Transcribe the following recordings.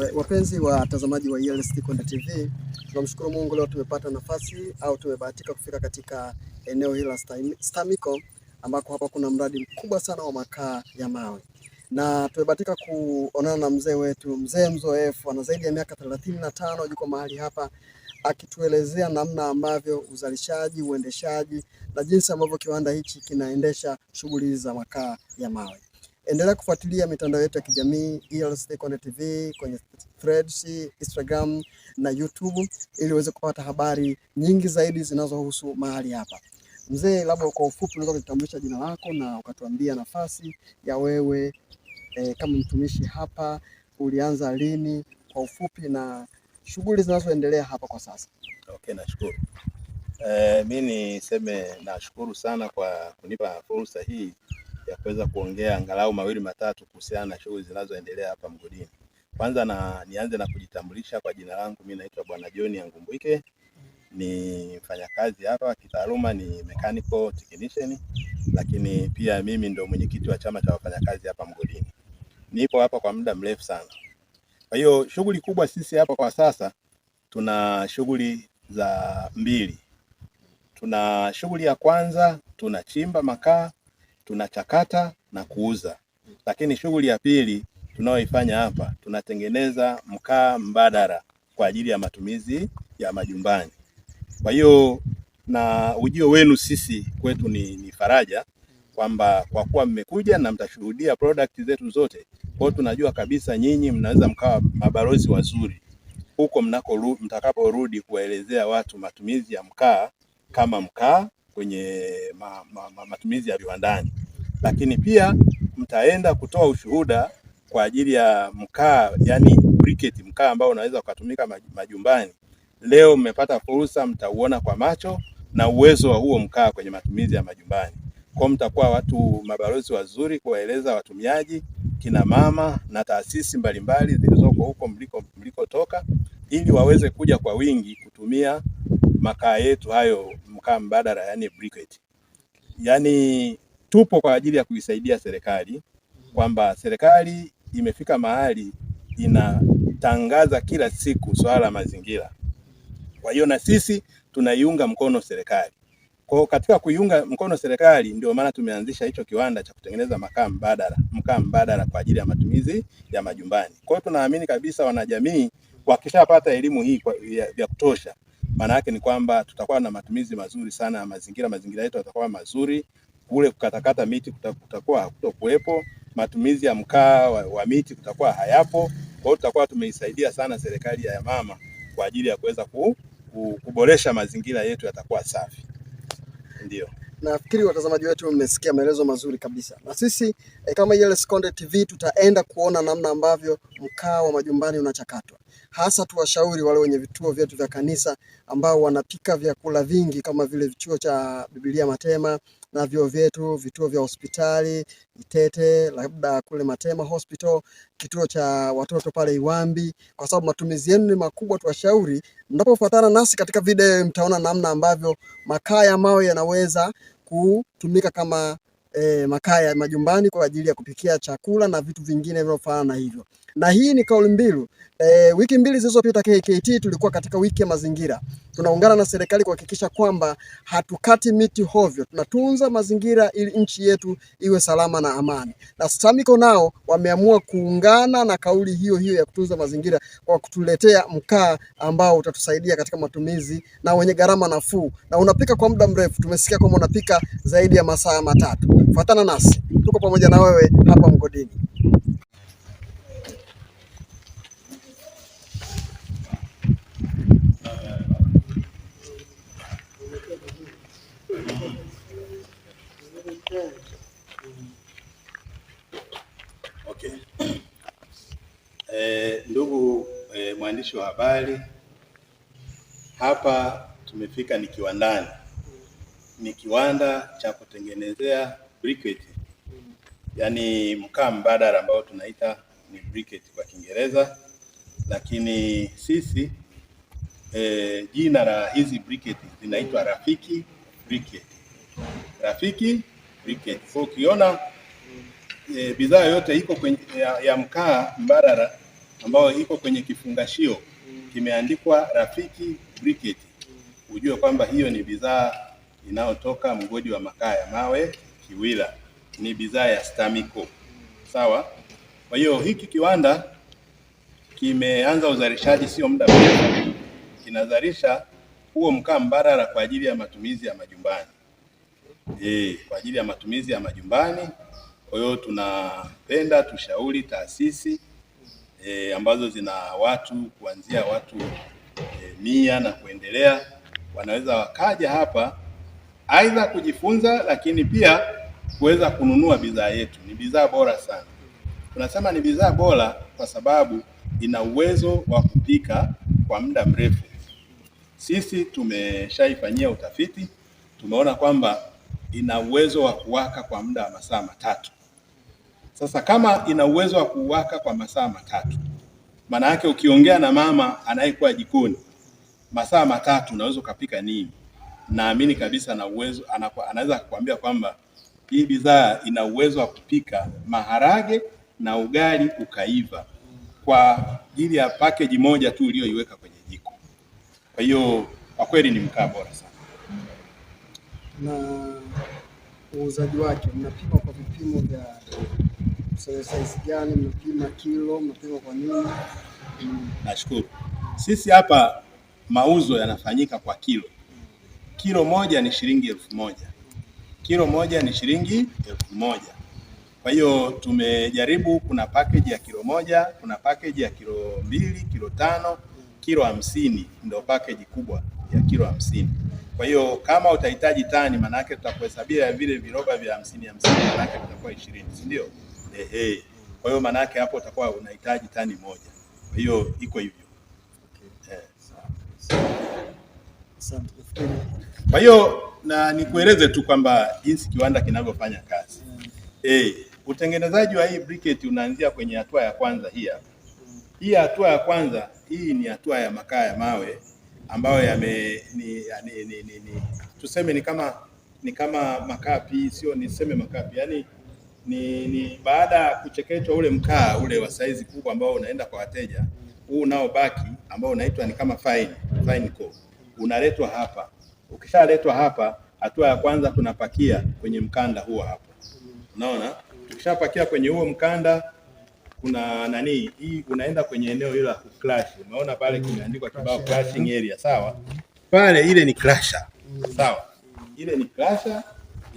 Eh, wapenzi watazamaji wa ELS Konde TV, tunamshukuru Mungu leo tumepata nafasi au tumebahatika kufika katika eneo hili la STAMICO ambako hapa kuna mradi mkubwa sana wa makaa ya mawe na tumebahatika kuonana na mzee wetu, mzee mzoefu, ana zaidi ya miaka thelathini na tano, yuko mahali hapa akituelezea namna ambavyo uzalishaji, uendeshaji na jinsi ambavyo kiwanda hichi kinaendesha shughuli za makaa ya mawe. Endelea kufuatilia mitandao yetu ya kijamii ELC Konde TV kwenye Threads, Instagram na YouTube ili uweze kupata habari nyingi zaidi zinazohusu mahali hapa. Mzee, labda kwa ufupi unaweza kutambulisha jina lako na ukatuambia nafasi ya wewe e, kama mtumishi hapa, ulianza lini kwa ufupi na shughuli zinazoendelea hapa kwa sasa. Okay, nashukuru. Eh, mimi niseme nashukuru sana kwa kunipa fursa hii ya kuweza kuongea angalau mawili matatu kuhusiana na shughuli zinazoendelea hapa mgodini. Kwanza na nianze na kujitambulisha kwa jina langu, mimi naitwa Bwana John Angumbuike, ni mfanyakazi hapa kitaaluma, ni mechanical technician, lakini pia mimi ndo mwenyekiti wa chama cha wafanyakazi hapa mgodini. Nipo hapa kwa muda mrefu sana. Kwa hiyo shughuli kubwa sisi hapa kwa sasa tuna shughuli za mbili. Tuna shughuli ya kwanza tunachimba makaa tunachakata na kuuza. Lakini shughuli ya pili tunayoifanya hapa, tunatengeneza mkaa mbadala kwa ajili ya matumizi ya majumbani. Kwa hiyo na ujio wenu sisi kwetu ni, ni faraja kwamba kwa kuwa mmekuja na mtashuhudia product zetu zote, kwa hiyo tunajua kabisa nyinyi mnaweza mkawa mabalozi wazuri huko mnako mtakaporudi kuwaelezea watu matumizi ya mkaa kama mkaa kwenye ma, ma, ma, matumizi ya viwandani, lakini pia mtaenda kutoa ushuhuda kwa ajili ya mkaa, yani briquette, mkaa ambao unaweza ukatumika majumbani. Leo mmepata fursa, mtauona kwa macho na uwezo wa huo mkaa kwenye matumizi ya majumbani. Kwa mtakuwa watu mabalozi wazuri kuwaeleza watumiaji, kina mama na taasisi mbalimbali zilizoko huko mliko mlikotoka, ili waweze kuja kwa wingi kutumia makaa yetu hayo mkaa mbadala, yani briquette. Yani tupo kwa ajili ya kuisaidia serikali kwamba serikali imefika mahali inatangaza kila siku swala la mazingira. Kwa hiyo na sisi tunaiunga mkono serikali. Kwa katika kuiunga mkono serikali ndio maana tumeanzisha hicho kiwanda cha kutengeneza makaa mbadala, mkaa mbadala kwa ajili ya matumizi ya majumbani. Kwa hiyo tunaamini kabisa wanajamii wakishapata elimu hii kwa, ya, ya kutosha maana yake ni kwamba tutakuwa na matumizi mazuri sana ya mazingira, mazingira yetu yatakuwa mazuri, kule kukatakata miti kutakuwa hakutokuwepo, matumizi ya mkaa wa, wa miti kutakuwa hayapo. Kwa hiyo tutakuwa tumeisaidia sana serikali ya mama kwa ajili ya kuweza ku, ku, kuboresha mazingira yetu yatakuwa safi, ndio. Nafikiri watazamaji wetu mmesikia maelezo mazuri kabisa, na sisi eh, kama Yales Konde TV tutaenda kuona namna ambavyo mkaa wa majumbani unachakatwa, hasa tuwashauri wale wenye vituo vyetu vya kanisa ambao wanapika vyakula vingi kama vile vichuo cha Biblia Matema na vyuo vyetu, vituo vya hospitali Itete, labda kule Matema Hospital, kituo cha watoto pale Iwambi, kwa sababu matumizi yenu ni makubwa. Tuwashauri, mnapofuatana nasi katika video, mtaona namna ambavyo makaa ya mawe yanaweza kutumika kama eh, makaa ya majumbani kwa ajili ya kupikia chakula na vitu vingine vinavyofanana na hivyo na hii ni kauli mbiu e. Wiki mbili zilizopita KKT tulikuwa katika wiki ya mazingira, tunaungana na serikali kuhakikisha kwamba hatukati miti hovyo, tunatunza mazingira ili nchi yetu iwe salama na amani. Na SAMICO nao wameamua kuungana na kauli hiyo hiyo ya kutunza mazingira kwa kutuletea mkaa ambao utatusaidia katika matumizi na wenye gharama nafuu, na unapika kwa muda mrefu. Tumesikia kwamba unapika zaidi ya masaa matatu. Fuatana nasi, tuko pamoja na wewe hapa mgodini. Okay. Eh, ndugu eh, mwandishi wa habari, hapa tumefika ni kiwandani, ni kiwanda cha kutengenezea briquette, yaani mkaa mbadala ambao tunaita ni briquette kwa Kiingereza, lakini sisi eh, jina la hizi briquette zinaitwa Rafiki Briquette. Rafiki Briquette. Kwa ukiona e, bidhaa yote iko kwenye, ya, ya mkaa mbadala ambayo iko kwenye kifungashio kimeandikwa Rafiki Briquette, ujue kwamba hiyo ni bidhaa inayotoka mgodi wa makaa ya mawe Kiwila, ni bidhaa ya Stamico. Sawa. Kwa hiyo hiki kiwanda kimeanza uzalishaji sio muda mrefu, kinazalisha huo mkaa mbadala kwa ajili ya matumizi ya majumbani e, kwa ajili ya matumizi ya majumbani. Kwa hiyo tunapenda tushauri taasisi e, ambazo zina watu kuanzia watu e, mia na kuendelea, wanaweza wakaja hapa aidha kujifunza, lakini pia kuweza kununua bidhaa yetu. Ni bidhaa bora sana. Tunasema ni bidhaa bora kwa sababu ina uwezo wa kupika kwa muda mrefu. Sisi tumeshaifanyia utafiti, tumeona kwamba ina uwezo wa kuwaka kwa muda wa masaa matatu. Sasa kama ina uwezo wa kuwaka kwa masaa matatu, maana yake ukiongea na mama anayekuwa jikoni masaa matatu, unaweza ukapika nini? Naamini kabisa na uwezo anaweza kukuambia kwamba hii bidhaa ina uwezo wa kupika maharage na ugali ukaiva kwa ajili ya pakeji moja tu uliyoiweka kwenye kwa hiyo kwa kweli ni mkaa bora sana. Na uuzaji wake mnapima kwa vipimo vya size gani? Mnapima kilo, mnapima kwa nini? Nashukuru. Sisi hapa mauzo yanafanyika kwa kilo. Kilo moja ni shilingi elfu moja. Kilo moja ni shilingi elfu moja. Kwa hiyo tumejaribu, kuna package ya kilo moja, kuna package ya kilo mbili, kilo tano kilo hamsini ndio package kubwa ya kilo hamsini. Kwa hiyo kama utahitaji tani, maana yake tutakuhesabia vile viroba vya hamsini hamsini, maana yake tutakuwa 20, si ndio? Ehe. Kwa hiyo maana yake hapo utakuwa unahitaji tani moja. Kwa hiyo iko hivyo. Eh. Kwa hiyo na nikueleze tu kwamba jinsi kiwanda kinavyofanya kazi. Eh, utengenezaji wa hii briquette unaanzia kwenye hatua ya kwanza hii hapa. Hii hatua ya kwanza hii ni hatua ya makaa ya mawe ambayo yame ni, ni, ni, ni, ni, tuseme ni kama ni kama makapi, sio niseme makapi, yani ni, ni baada ya kuchekechwa ule mkaa ule wa saizi kubwa ambao unaenda kwa wateja, huu unaobaki ambao unaitwa ni kama fine, fine co unaletwa hapa. Ukishaletwa hapa, hatua ya kwanza tunapakia kwenye mkanda huo hapo, unaona. Tukishapakia kwenye huo mkanda kuna nani hii, unaenda kwenye eneo hilo la clash. umeona pale mm. kimeandikwa kibao clashing area, sawa? Pale ile ni clasher, mm. sawa? Ile ni clasher,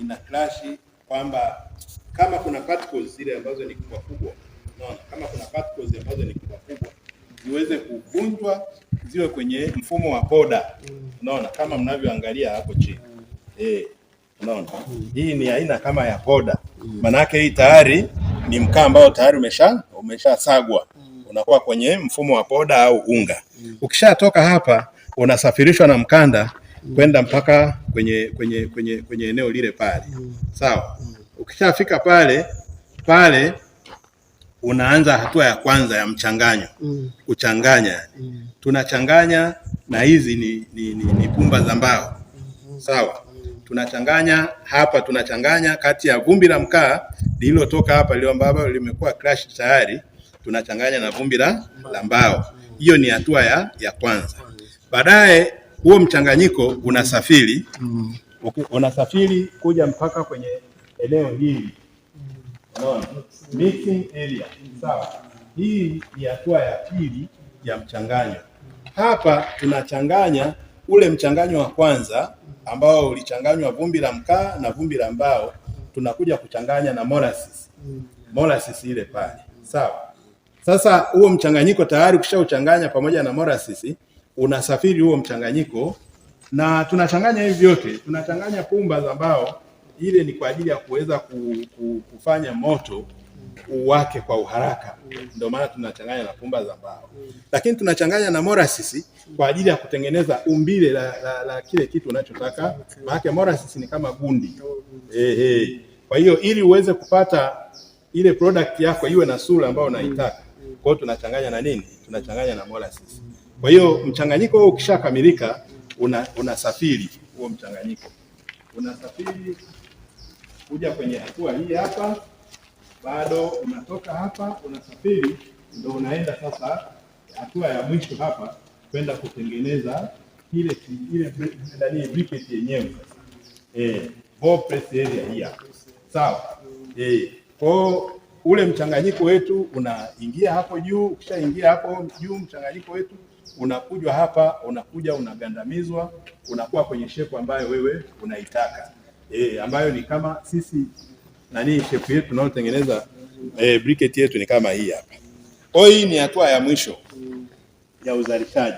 ina clash kwamba kama kuna particles zile ambazo ni kubwa kubwa, unaona, kama kuna particles ambazo ni kubwa kubwa ziweze kuvunjwa ziwe kwenye mfumo wa poda, mm. unaona, kama mnavyoangalia hapo chini eh, unaona, hii ni aina kama ya poda, maanake hii tayari ni mkaa ambao tayari umesha umeshasagwa mm. unakuwa kwenye mfumo wa poda au unga mm. Ukishatoka hapa unasafirishwa na mkanda mm. kwenda mpaka kwenye, kwenye, kwenye, kwenye eneo lile pale mm. sawa mm. Ukishafika pale pale unaanza hatua ya kwanza ya mchanganyo mm. kuchanganya mm. tunachanganya na hizi ni, ni, ni, ni pumba za mbao mm -hmm. sawa tunachanganya hapa, tunachanganya kati ya vumbi la mkaa lililotoka hapa lile ambalo limekuwa crushed tayari, tunachanganya na vumbi la mbao. Hiyo ni hatua ya, ya kwanza. Baadaye huo mchanganyiko unasafiri unasafiri kuja mpaka kwenye eneo hili, mixing area, sawa. Hii ni hatua ya pili ya mchanganyo. Hapa tunachanganya ule mchanganyo wa kwanza ambao ulichanganywa vumbi la mkaa na vumbi la mbao, tunakuja kuchanganya na molasses, molasses ile pale, sawa. Sasa huo mchanganyiko tayari ukishauchanganya pamoja na molasses, unasafiri huo mchanganyiko, na tunachanganya hivi vyote, tunachanganya pumba za mbao, ile ni kwa ajili ya kuweza kufanya moto uwake kwa uharaka Ndio maana tunachanganya na pumba za mbao Lakini tunachanganya na molasses kwa ajili ya kutengeneza umbile la, la, la kile kitu unachotaka Maana molasses ni kama gundi mm. Eh, eh. Kwa hiyo ili uweze kupata ile product yako iwe na sura ambayo unaitaka Kwa hiyo tunachanganya na nini? Tunachanganya na molasses. Kwa hiyo mchanganyiko huo ukishakamilika, una unasafiri huo mchanganyiko unasafiri kuja kwenye hatua hii hapa bado unatoka hapa unasafiri, ndio unaenda sasa hatua ya mwisho hapa kwenda kutengeneza ile ile ndani briquette yenyewe eh, ball press area hii sawa eh. Kwa ule mchanganyiko wetu unaingia hapo juu, ukishaingia hapo juu mchanganyiko wetu unakujwa hapa, unakuja unagandamizwa, unakuwa kwenye shepu ambayo wewe unaitaka eh, ambayo ni kama sisi nani shepu yetu tunayotengeneza eh, briquette yetu ni kama hii hapa. Kwa hii ni hatua ya mwisho ya uzalishaji.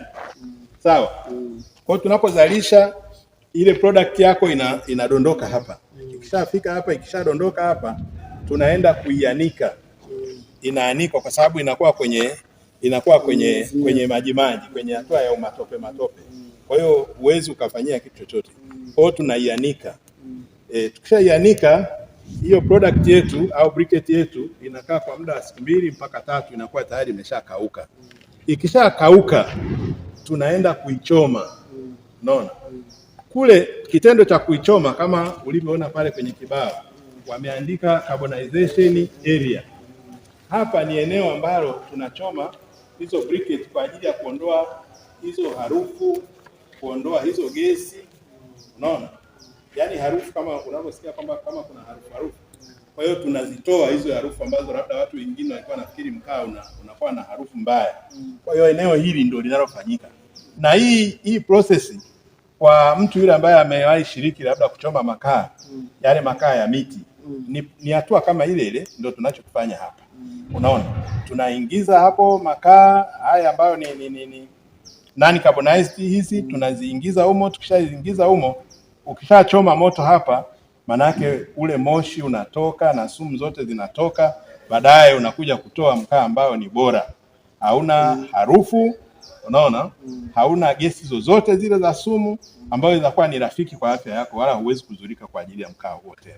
Sawa? Kwa hiyo tunapozalisha ile product yako ina, inadondoka hapa. Ikishafika hapa, ikishadondoka hapa, tunaenda kuianika. Inaanikwa kwa sababu inakuwa kwenye inakuwa kwenye kwenye maji maji, kwenye hatua ya umatope matope. Kwa hiyo huwezi ukafanyia kitu chochote. Kwa hiyo tunaianika. E, tukishaianika hiyo product yetu au briquette yetu inakaa kwa muda wa siku mbili mpaka tatu, inakuwa tayari imeshakauka. Ikishakauka tunaenda kuichoma, unaona kule kitendo cha kuichoma kama ulivyoona pale kwenye kibao wameandika carbonization area. Hapa ni eneo ambalo tunachoma hizo briquette kwa ajili ya kuondoa hizo harufu, kuondoa hizo gesi, unaona yani harufu kama unavyosikia kwamba kama kuna harufu harufu. Kwa hiyo tunazitoa hizo harufu ambazo labda watu wengine walikuwa nafikiri mkaa una, unakuwa na harufu mbaya. Kwa hiyo eneo hili ndio linalofanyika, na hii hii process kwa mtu yule ambaye amewahi shiriki labda kuchoma makaa yale makaa ya miti ni, ni hatua kama ile ile ndio tunachokifanya hapa. Unaona, tunaingiza hapo makaa haya ambayo ni, ni, ni, ni non carbonized hizi, tunaziingiza humo. Tukishaziingiza humo ukishachoma moto hapa, maanake ule moshi unatoka na sumu zote zinatoka, baadaye unakuja kutoa mkaa ambao ni bora, hauna harufu, unaona, hauna gesi zozote zile za sumu, ambayo inakuwa ni rafiki kwa afya yako, wala huwezi kuzurika kwa ajili ya mkaa huo tena.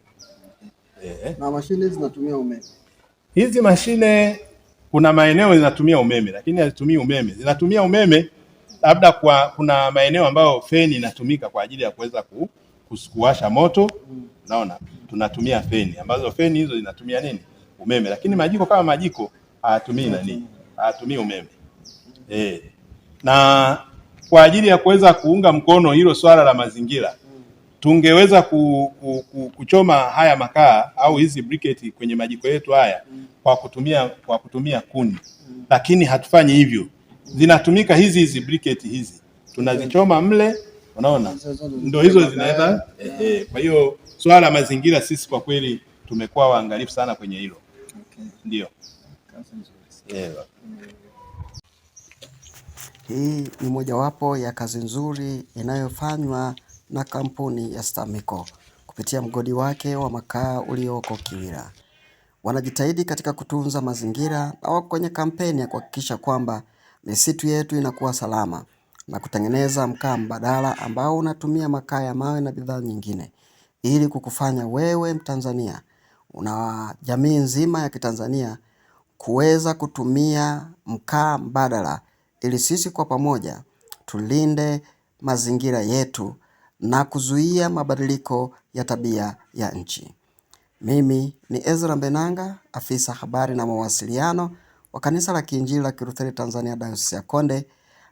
Eh. na mashine zinatumia umeme hizi mashine kuna maeneo zinatumia umeme lakini hazitumii umeme. Zinatumia umeme labda kwa kuna maeneo ambayo feni inatumika kwa ajili ya kuweza ku, kuwasha moto, naona tunatumia feni ambazo feni hizo zinatumia nini umeme, lakini majiko kama majiko hayatumii nani, hayatumii umeme e. Na kwa ajili ya kuweza kuunga mkono hilo swala la mazingira tungeweza ku, ku, ku, kuchoma haya makaa au hizi briketi kwenye majiko yetu haya kwa kutumia kwa kutumia kuni, lakini hatufanyi hivyo. Zinatumika hizi hizi briketi hizi tunazichoma mle Unaona, ndio hizo zinaweza eh, eh. Kwa hiyo swala la mazingira, sisi kwa kweli tumekuwa waangalifu sana kwenye hilo okay. Ndio hii ni mojawapo ya kazi nzuri inayofanywa na kampuni ya STAMICO kupitia mgodi wake wa makaa ulioko Kiwira. Wanajitahidi katika kutunza mazingira na wako kwenye kampeni ya kuhakikisha kwamba misitu yetu inakuwa salama na kutengeneza mkaa mbadala ambao unatumia makaa ya mawe na bidhaa nyingine ili kukufanya wewe mtanzania una jamii nzima ya kitanzania kuweza kutumia mkaa mbadala ili sisi kwa pamoja tulinde mazingira yetu na kuzuia mabadiliko ya tabia ya nchi. Mimi ni Ezra Mbenanga, afisa habari na mawasiliano wa Kanisa la Kiinjili la Kilutheri Tanzania Dayosisi ya Konde.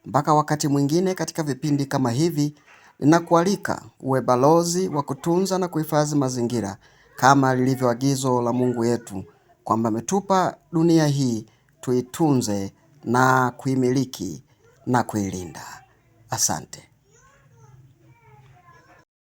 Mpaka wakati mwingine katika vipindi kama hivi, ninakualika uwe balozi wa kutunza na kuhifadhi mazingira kama lilivyo agizo la Mungu yetu kwamba ametupa dunia hii tuitunze na kuimiliki na kuilinda. Asante.